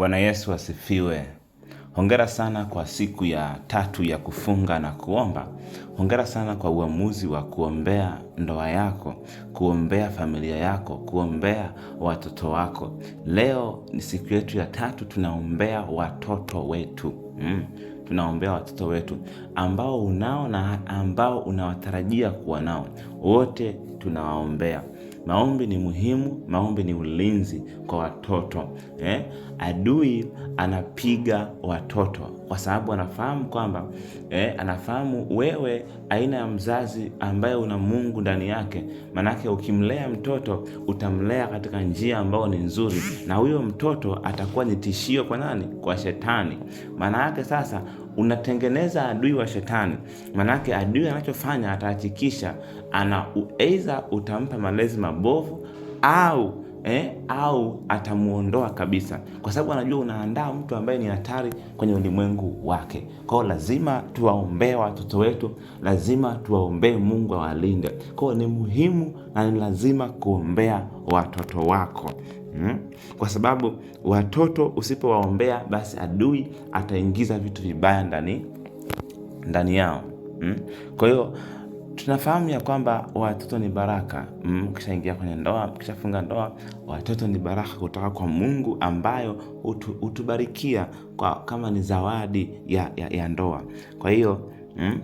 Bwana Yesu asifiwe. Hongera sana kwa siku ya tatu ya kufunga na kuomba. Hongera sana kwa uamuzi wa kuombea ndoa yako, kuombea familia yako, kuombea watoto wako. Leo ni siku yetu ya tatu, tunaombea watoto wetu mm. Tunaombea watoto wetu ambao unao na ambao unawatarajia kuwa nao, wote tunawaombea. Maombi ni muhimu, maombi ni ulinzi kwa watoto eh. Adui anapiga watoto kwa sababu anafahamu kwamba eh, anafahamu wewe aina ya mzazi ambaye una Mungu ndani yake. Maanake ukimlea mtoto utamlea katika njia ambayo ni nzuri, na huyo mtoto atakuwa ni tishio kwa nani? Kwa shetani. Maana yake sasa unatengeneza adui wa shetani. Manake adui anachofanya atahakikisha ana aidha utampa malezi mabovu au Eh, au atamuondoa kabisa, kwa sababu anajua unaandaa mtu ambaye ni hatari kwenye ulimwengu wake. Kwa hiyo lazima tuwaombee watoto wetu, lazima tuwaombee Mungu awalinde. Kwa hiyo ni muhimu na ni lazima kuombea watoto wako. Hmm? Kwa sababu watoto usipowaombea basi adui ataingiza vitu vibaya ndani ndani yao. Hmm? Kwa hiyo tunafahamu ya kwamba watoto ni baraka. Hmm? Ukishaingia hmm, kwenye ndoa, ukishafunga ndoa, watoto ni baraka kutoka kwa Mungu ambayo hutubarikia utu, kama ni zawadi ya, ya, ya ndoa. Kwa hiyo hmm?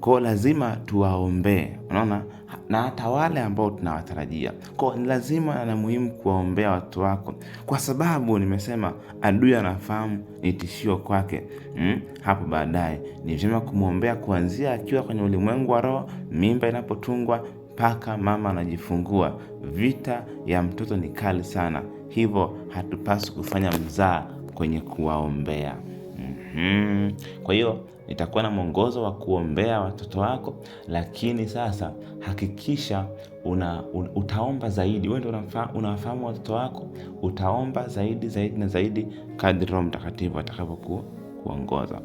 Kwao lazima tuwaombee, unaona, na hata wale ambao tunawatarajia. Kwao ni lazima na muhimu kuwaombea watu wako, kwa sababu nimesema adui anafahamu ni tishio kwake mm, hapo baadaye. Ni vyema kumwombea kuanzia akiwa kwenye ulimwengu wa roho, mimba inapotungwa mpaka mama anajifungua. Vita ya mtoto ni kali sana, hivyo hatupaswi kufanya mzaa kwenye kuwaombea. Mm-hmm. Kwa hiyo nitakuwa na mwongozo wa kuombea watoto wako, lakini sasa hakikisha una, un, utaomba zaidi. Wewe ndio unawafahamu watoto wako, utaomba zaidi zaidi na zaidi kadri Roho Mtakatifu atakavyokuongoza.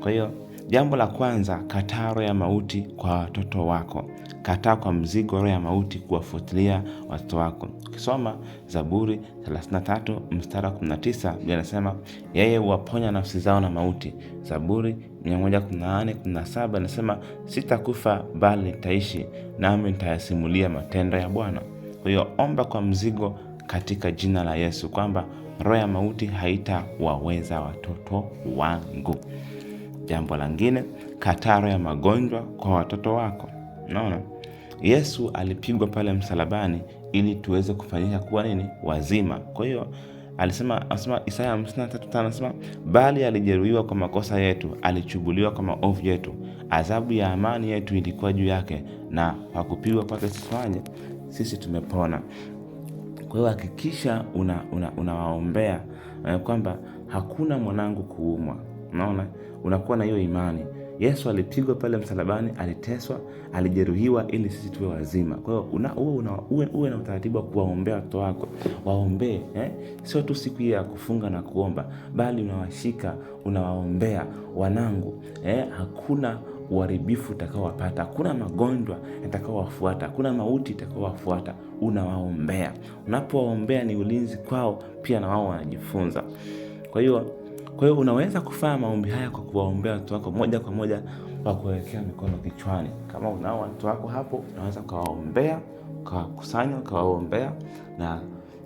Kwa hiyo jambo la kwanza, kataa roho ya mauti kwa watoto wako. Kataa kwa mzigo roho ya mauti kuwafuatilia watoto wako. Ukisoma Zaburi 33 mstari wa 19 anasema yeye huwaponya nafsi zao na mauti. Zaburi 118, 17 nasema sitakufa bali nitaishi nami nitayasimulia matendo ya Bwana. Kwa hiyo omba kwa mzigo katika jina la Yesu kwamba roho ya mauti haitawaweza watoto wangu. Jambo langine, kataa roho ya magonjwa kwa watoto wako. Unaona, Yesu alipigwa pale msalabani ili tuweze kufanyika kuwa nini? Wazima. Kwa hiyo alisema anasema Isaya 53:5 anasema bali alijeruhiwa kwa makosa yetu, alichubuliwa kwa maovu yetu, adhabu ya amani yetu ilikuwa juu yake, na kwa kupigwa kwake sifanye sisi tumepona. Kwa hiyo hakikisha unawaombea una, una eh, kwamba hakuna mwanangu kuumwa. Unaona, unakuwa na hiyo imani. Yesu alipigwa pale msalabani, aliteswa, alijeruhiwa ili sisi tuwe wazima. Kwa hiyo una, uwe na utaratibu wa kuwaombea watoto wako, waombee eh? Sio tu siku hii ya kufunga na kuomba, bali unawashika unawaombea wanangu eh? hakuna uharibifu utakaowapata, hakuna magonjwa yatakaowafuata, hakuna mauti itakaowafuata. Unawaombea, unapowaombea ni ulinzi kwao, pia na wao wanajifunza. Kwa hiyo kwa hiyo unaweza kufanya maombi haya kwa kuwaombea watoto wako moja kwa moja kwa kuwekea mikono kichwani. Kama unao watoto wako hapo, unaweza ukawaombea, ukawakusanya, ukawaombea na,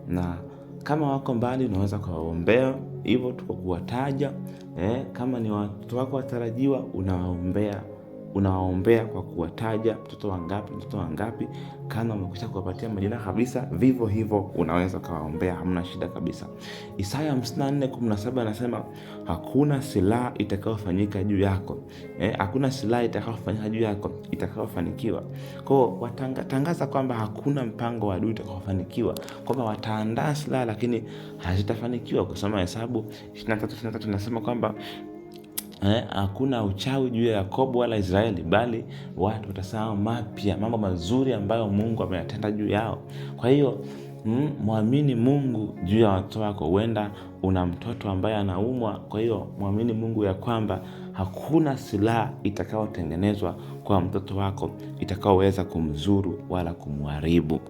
na kama wako mbali, unaweza ukawaombea hivyo tu kwa kuwataja eh. Kama ni watoto wako watarajiwa, unawaombea unawaombea kwa kuwataja mtoto wangapi, mtoto wangapi. Kama umekwisha kuwapatia majina kabisa, vivyo hivyo unaweza ukawaombea, hamna shida kabisa. Isaya 54:17 anasema hakuna silaha itakayofanyika juu yako eh, hakuna silaha itakayofanyika juu yako itakayofanikiwa. Kwao watangaza kwamba hakuna mpango wa adui utakaofanikiwa, kwamba wataandaa silaha lakini hazitafanikiwa. Ukisoma Hesabu 23:23 inasema kwamba Eh, hakuna uchawi juu ya Yakobo wala Israeli, bali watu watasahau mapya mambo mazuri ambayo Mungu ameyatenda juu yao. Kwa hiyo mm, mwamini Mungu juu ya watoto wako. Huenda una mtoto ambaye anaumwa, kwa hiyo mwamini Mungu ya kwamba hakuna silaha itakayotengenezwa kwa mtoto wako itakayoweza kumzuru wala kumharibu.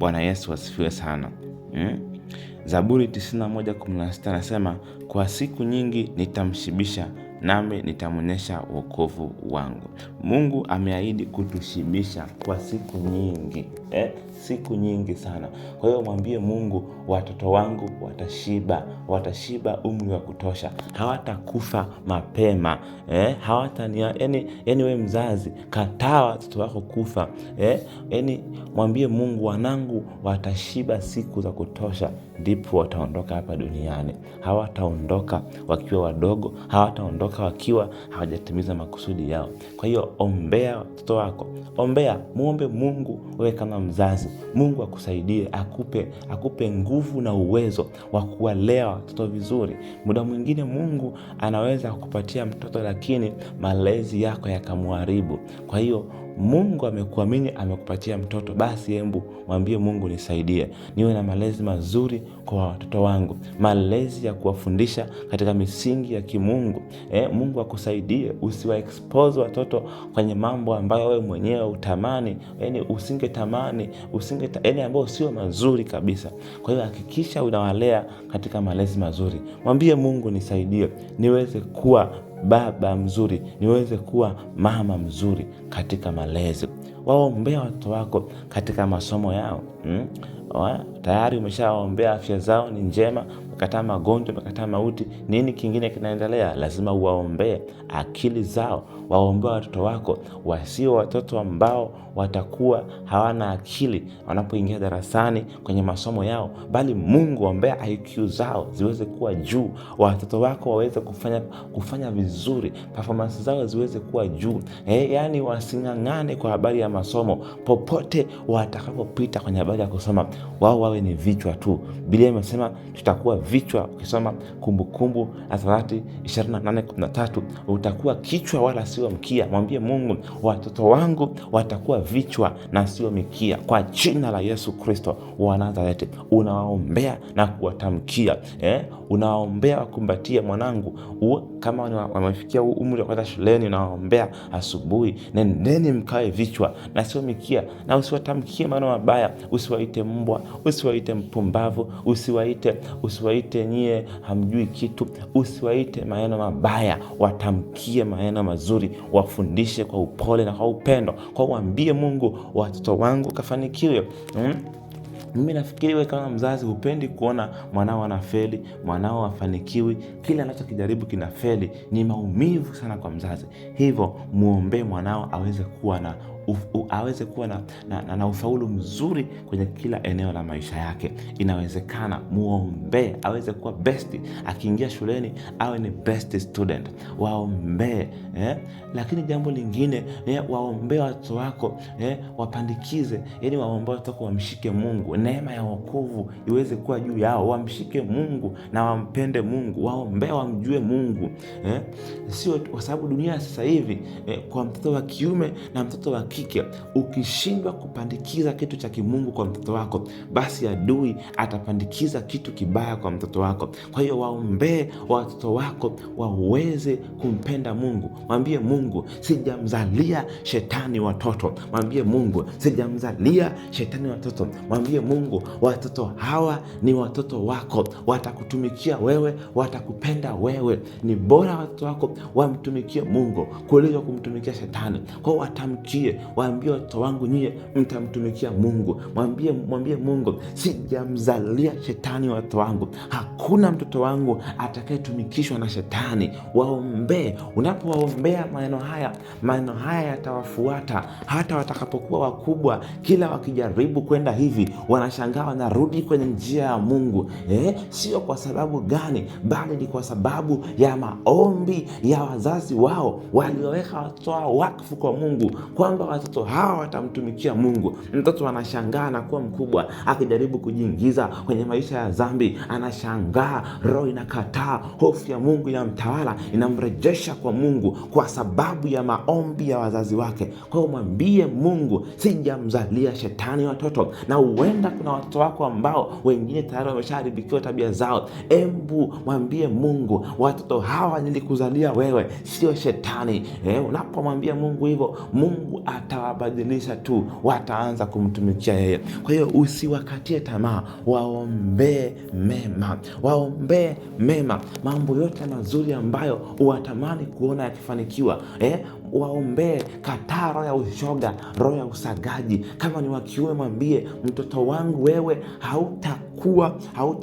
Bwana Yesu asifiwe sana mm? Zaburi 91:16 anasema kwa siku nyingi nitamshibisha nami nitamwonyesha wokovu wangu. Mungu ameahidi kutushibisha kwa siku nyingi eh? siku nyingi sana. Kwa hiyo mwambie Mungu, watoto wangu watashiba, watashiba umri wa kutosha, hawatakufa mapema eh, Hawatani, Yani, yani we mzazi, kataa watoto wako kufa eh, yani mwambie Mungu, wanangu watashiba siku za kutosha, ndipo wataondoka hapa duniani. Hawataondoka wakiwa wadogo, hawataondoka wakiwa hawajatimiza makusudi yao. Kwa hiyo ombea watoto wako, ombea, muombe Mungu wewe kama mzazi Mungu akusaidie, akupe, akupe nguvu na uwezo wa kuwalea watoto vizuri. Muda mwingine Mungu anaweza kupatia mtoto, lakini malezi yako yakamuharibu. Kwa hiyo Mungu amekuamini, amekupatia mtoto, basi embu mwambie Mungu, nisaidie niwe na malezi mazuri kwa watoto wangu, malezi ya kuwafundisha katika misingi ya kimungu. E, Mungu akusaidie, usiwa expose watoto kwenye mambo ambayo wewe mwenyewe utamani, yani tamani usinge yani ambayo sio mazuri kabisa. Kwa hiyo hakikisha unawalea katika malezi mazuri, mwambie Mungu, nisaidie niweze kuwa baba mzuri, niweze kuwa mama mzuri katika malezi. Waombea watoto wako katika masomo yao hmm? Tayari umeshawaombea afya zao ni njema umekataa magonjwa, umekataa mauti. Nini kingine kinaendelea? Lazima uwaombee akili zao, waombee watoto wako, wasio watoto ambao watakuwa hawana akili wanapoingia darasani kwenye masomo yao, bali Mungu ombea IQ zao ziweze kuwa juu, watoto wako waweze kufanya, kufanya vizuri, performance zao ziweze kuwa juu. E, yani wasing'ang'ane kwa habari ya masomo, popote watakapopita kwenye habari ya kusoma, wao wawe ni vichwa tu. Biblia imesema tutakuwa vichwa. Ukisoma Kumbukumbu Torati 28:13 utakuwa kichwa wala sio mkia. Mwambie Mungu, watoto wangu watakuwa vichwa na sio mikia, kwa jina la Yesu Kristo wa Nazareti. Unawaombea na kuwatamkia eh? Unawaombea wakumbatie mwanangu u, kama wamefikia umri wa kwenda shuleni, unawaombea asubuhi. Nendeni mkawe vichwa na sio mikia, na usiwatamkie maneno mabaya, usiwaite mbwa, usiwaite mpumbavu, usiwaite usiwa usiwaite nyie hamjui kitu, usiwaite maneno mabaya, watamkie maneno mazuri, wafundishe kwa upole na kwa upendo. Kwa waambie Mungu, watoto wangu kafanikiwe, hmm? Mimi nafikiri wewe kama mzazi hupendi kuona mwanao anafeli, mwanao afanikiwi, kila anachokijaribu kinafeli. Ni maumivu sana kwa mzazi. Hivyo muombee mwanao aweze kuwa na aweze kuwa na, na, na, na ufaulu mzuri kwenye kila eneo la maisha yake. Inawezekana, muombee aweze kuwa besti, akiingia shuleni awe ni best student, waombee eh? Lakini jambo lingine eh, waombee watoto wako eh, wapandikize, yani waombee watoto wako wamshike Mungu, neema ya wokovu iweze kuwa juu yao, wamshike Mungu na wampende Mungu, waombee wamjue Mungu eh? Sio kwa sababu dunia sasa hivi eh, kwa mtoto wa kiume na mtoto wa kike, ukishindwa kupandikiza kitu cha kimungu kwa mtoto wako, basi adui atapandikiza kitu kibaya kwa mtoto wako. Kwa hiyo waombee watoto wako waweze kumpenda Mungu. Mwambie Mungu, sijamzalia shetani watoto. Mwambie Mungu, sijamzalia shetani watoto. Mwambie Mungu, watoto hawa ni watoto wako, watakutumikia wewe, watakupenda wewe. Ni bora watoto wako wamtumikie Mungu kuliko kumtumikia shetani. Kwao watamkie waambie watoto wangu, nyie mtamtumikia Mungu. Mwambie, mwambie Mungu, sijamzalia shetani watoto wangu. Hakuna mtoto wangu atakayetumikishwa na shetani. Waombee. Unapowaombea maneno haya, maneno haya yatawafuata hata watakapokuwa wakubwa. Kila wakijaribu kwenda hivi, wanashangaa wanarudi kwenye njia ya Mungu. Eh, sio kwa sababu gani, bali ni kwa sababu ya maombi ya wazazi wao walioweka watoto wao wakfu kwa Mungu kwamba watoto hawa watamtumikia Mungu. Mtoto anashangaa anakuwa mkubwa, akijaribu kujiingiza kwenye maisha ya dhambi anashangaa, roho inakataa, hofu ya Mungu inamtawala, inamrejesha kwa Mungu kwa sababu ya maombi ya wazazi wake. Kwa hiyo mwambie Mungu, sijamzalia shetani watoto. Na huenda kuna watoto wako ambao wengine tayari wameshaharibikiwa tabia zao. Embu mwambie Mungu, watoto hawa nilikuzalia wewe, sio shetani. Eh, unapomwambia Mungu hivyo Mungu atawabadilisha tu, wataanza kumtumikia yeye. Kwa hiyo usiwakatie tamaa, waombee mema, waombee mema, mambo yote mazuri ambayo uwatamani kuona yakifanikiwa eh? Waombee. Kataa roho ya ushoga, roho ya usagaji. Kama ni wakiume, mwambie mtoto wangu, wewe hauta haut,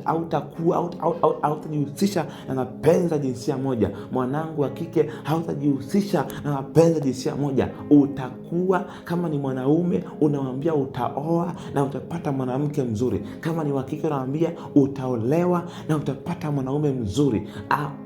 haut, hautajihusisha na mapenzi ya jinsia moja. Mwanangu wa kike, hautajihusisha na mapenzi ya jinsia moja. Utakuwa kama ni mwanaume unawambia utaoa na utapata mwanamke mzuri, kama ni wa kike unawambia utaolewa na utapata mwanaume mzuri.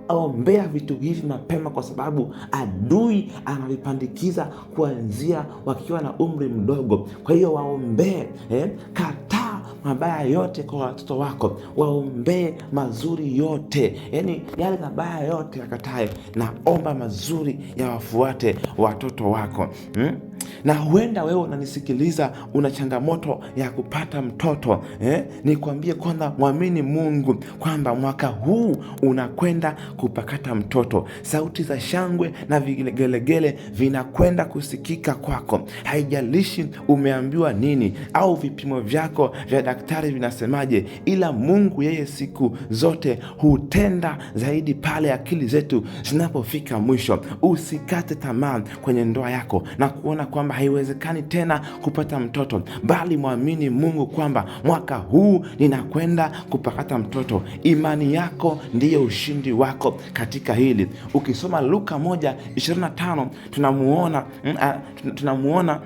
aombea vitu hivi mapema, kwa sababu adui anavipandikiza kuanzia wakiwa na umri mdogo. Kwa hiyo waombee eh, kata mabaya yote kwa watoto wako, waombee mazuri yote, yani yale mabaya yote yakatae, naomba mazuri yawafuate watoto wako hmm? na huenda wewe unanisikiliza una changamoto ya kupata mtoto eh? Nikwambie kwanza, mwamini Mungu kwamba mwaka huu unakwenda kupakata mtoto. Sauti za shangwe na vigelegele vinakwenda kusikika kwako. Haijalishi umeambiwa nini au vipimo vyako vya daktari vinasemaje, ila Mungu yeye siku zote hutenda zaidi pale akili zetu zinapofika mwisho. Usikate tamaa kwenye ndoa yako na kuona kwamba kwamba haiwezekani tena kupata mtoto, bali mwamini Mungu kwamba mwaka huu ninakwenda kupata mtoto. Imani yako ndiyo ushindi wako katika hili. Ukisoma Luka 1:25 tunamuona mm, ah, tunamuona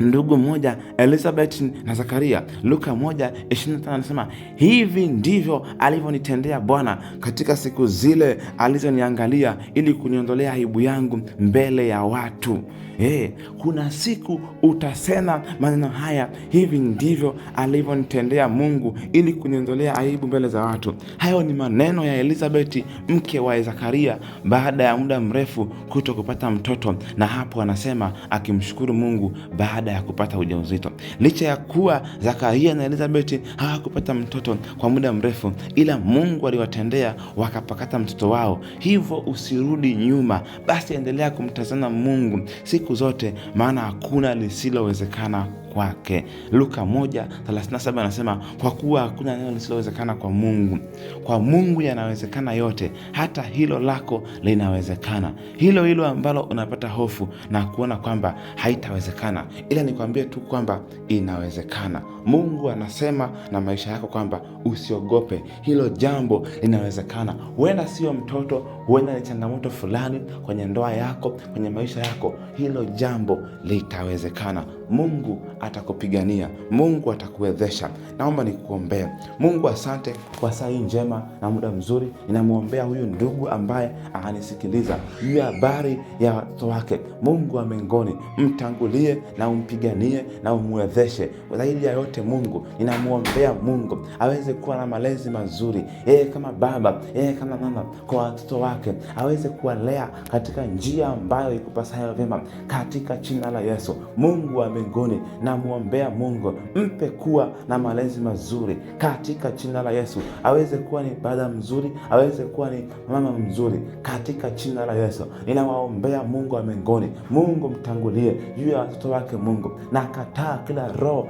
ndugu mmoja Elizabeth na Zakaria. Luka 1:25 anasema hivi ndivyo alivyonitendea Bwana katika siku zile alizoniangalia ili kuniondolea aibu yangu mbele ya watu. Hey, kuna siku utasema maneno haya, hivi ndivyo alivyonitendea Mungu ili kuniondolea aibu mbele za watu. Hayo ni maneno ya Elizabeth mke wa Zakaria baada ya muda mrefu kuto kupata mtoto, na hapo anasema akimshukuru Mungu baada baada ya kupata ujauzito. Licha ya kuwa Zakaria na Elizabeth hawakupata mtoto kwa muda mrefu, ila Mungu aliwatendea wakapakata mtoto wao. Hivyo usirudi nyuma, basi endelea kumtazama Mungu siku zote, maana hakuna lisilowezekana kwake. Luka 1:37 anasema kwa kuwa hakuna neno lisilowezekana kwa Mungu. Kwa Mungu yanawezekana yote, hata hilo lako linawezekana, hilo hilo ambalo unapata hofu na kuona kwamba haitawezekana, ila nikwambie tu kwamba inawezekana. Mungu anasema na maisha yako kwamba usiogope, hilo jambo linawezekana. Huenda sio mtoto huenda ni changamoto fulani kwenye ndoa yako, kwenye maisha yako, hilo jambo litawezekana. Mungu atakupigania, Mungu atakuwezesha. Naomba nikuombee. Mungu, asante kwa saa hii njema na muda mzuri. Ninamwombea huyu ndugu ambaye ananisikiliza juu ya habari ya watoto wake. Mungu wa mbinguni, mtangulie na umpiganie na umwezeshe. Zaidi ya yote, Mungu ninamwombea, Mungu aweze kuwa na malezi mazuri, yeye kama baba, yeye kama mama, kwa watoto wake wake aweze kuwalea katika njia ambayo ikupasayo vyema, katika jina la Yesu. Mungu wa mbinguni, namwombea Mungu, mpe kuwa na malezi mazuri katika jina la Yesu, aweze kuwa ni baada mzuri, aweze kuwa ni mama mzuri katika jina la Yesu. Ninawaombea Mungu wa mbinguni, Mungu mtangulie juu ya watoto wake. Mungu nakataa kila roho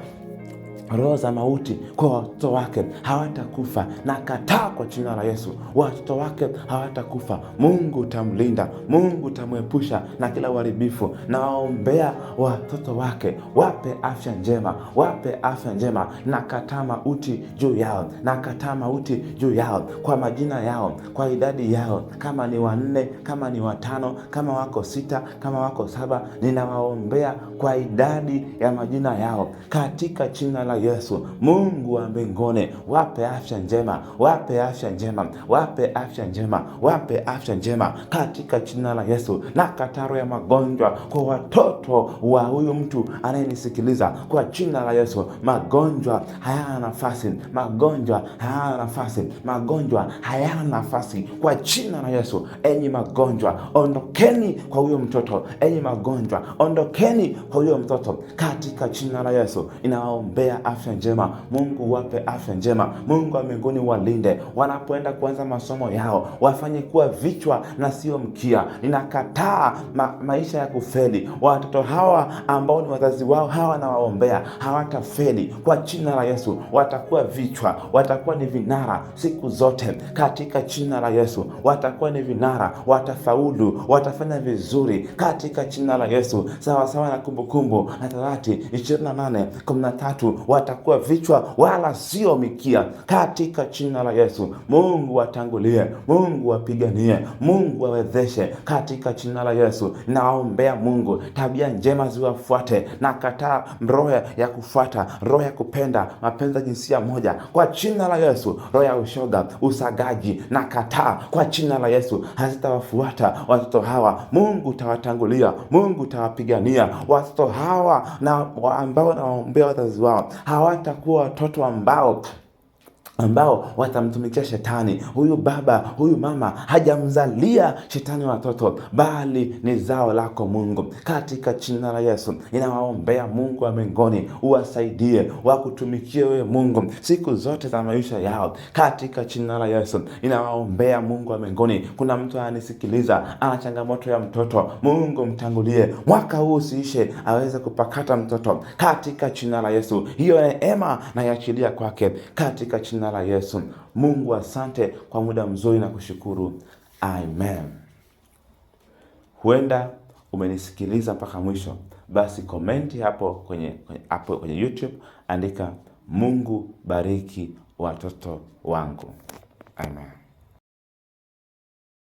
roho za mauti kwa watoto wake hawatakufa. na kataa kwa jina la Yesu, watoto wake hawatakufa. Mungu utamlinda, Mungu utamwepusha na kila uharibifu. Nawaombea watoto wake, wape afya njema, wape afya njema. Nakataa mauti juu yao, nakataa mauti juu yao, kwa majina yao, kwa idadi yao, kama ni wanne, kama ni watano, kama wako sita, kama wako saba, ninawaombea kwa idadi ya majina yao katika jina la Yesu, Mungu wa mbinguni, wape afya njema, wape afya njema, wape afya njema, wape afya njema katika jina la Yesu. Na kataro ya magonjwa kwa watoto wa huyu mtu anayenisikiliza kwa jina la Yesu, magonjwa hayana nafasi, magonjwa hayana nafasi, magonjwa hayana nafasi kwa jina la Yesu. Enyi magonjwa, ondokeni kwa huyo mtoto. Enyi magonjwa, ondokeni kwa huyo mtoto katika jina la Yesu. Inaombea afya njema, Mungu wape afya njema, Mungu wa mbinguni walinde wanapoenda kuanza masomo yao, wafanye kuwa vichwa na sio mkia. Ninakataa ma maisha ya kufeli. Watoto hawa ambao ni wazazi wao hawa waombea, hawatafeli kwa jina la Yesu, watakuwa vichwa, watakuwa ni vinara siku zote katika jina la Yesu, watakuwa ni vinara, watafaulu, watafanya vizuri katika jina la Yesu, sawasawa na Kumbukumbu la Torati 28:13 watakuwa vichwa wala sio mikia, katika jina la Yesu. Mungu watangulie Mungu wapiganie Mungu wawezeshe katika jina la Yesu. Naombea Mungu, tabia njema ziwafuate, na kataa roho ya kufuata, roho ya kupenda mapenzi jinsia moja kwa jina la Yesu. Roho ya ushoga, usagaji na kataa kwa jina la Yesu, hazitawafuata watoto hawa. Mungu tawatangulia, Mungu tawapigania watoto hawa na ambao nawaombea wazazi wao hawatakuwa watoto ambao ambao watamtumikia shetani. Huyu baba huyu mama hajamzalia shetani watoto, bali ni zao lako Mungu. Katika jina la Yesu inawaombea Mungu wa mbinguni, uwasaidie wakutumikie wewe Mungu siku zote za maisha yao. Katika jina la Yesu inawaombea Mungu wa mbinguni. Kuna mtu ananisikiliza ana changamoto ya mtoto, Mungu mtangulie, mwaka huu usiishe aweze kupakata mtoto. Katika jina la Yesu hiyo neema naiachilia kwake, katika jina jina la Yesu. Mungu, asante kwa muda mzuri na kushukuru. Amen. Huenda umenisikiliza mpaka mwisho, basi komenti hapo kwenye, kwenye, hapo kwenye YouTube andika Mungu bariki watoto wangu. Amen.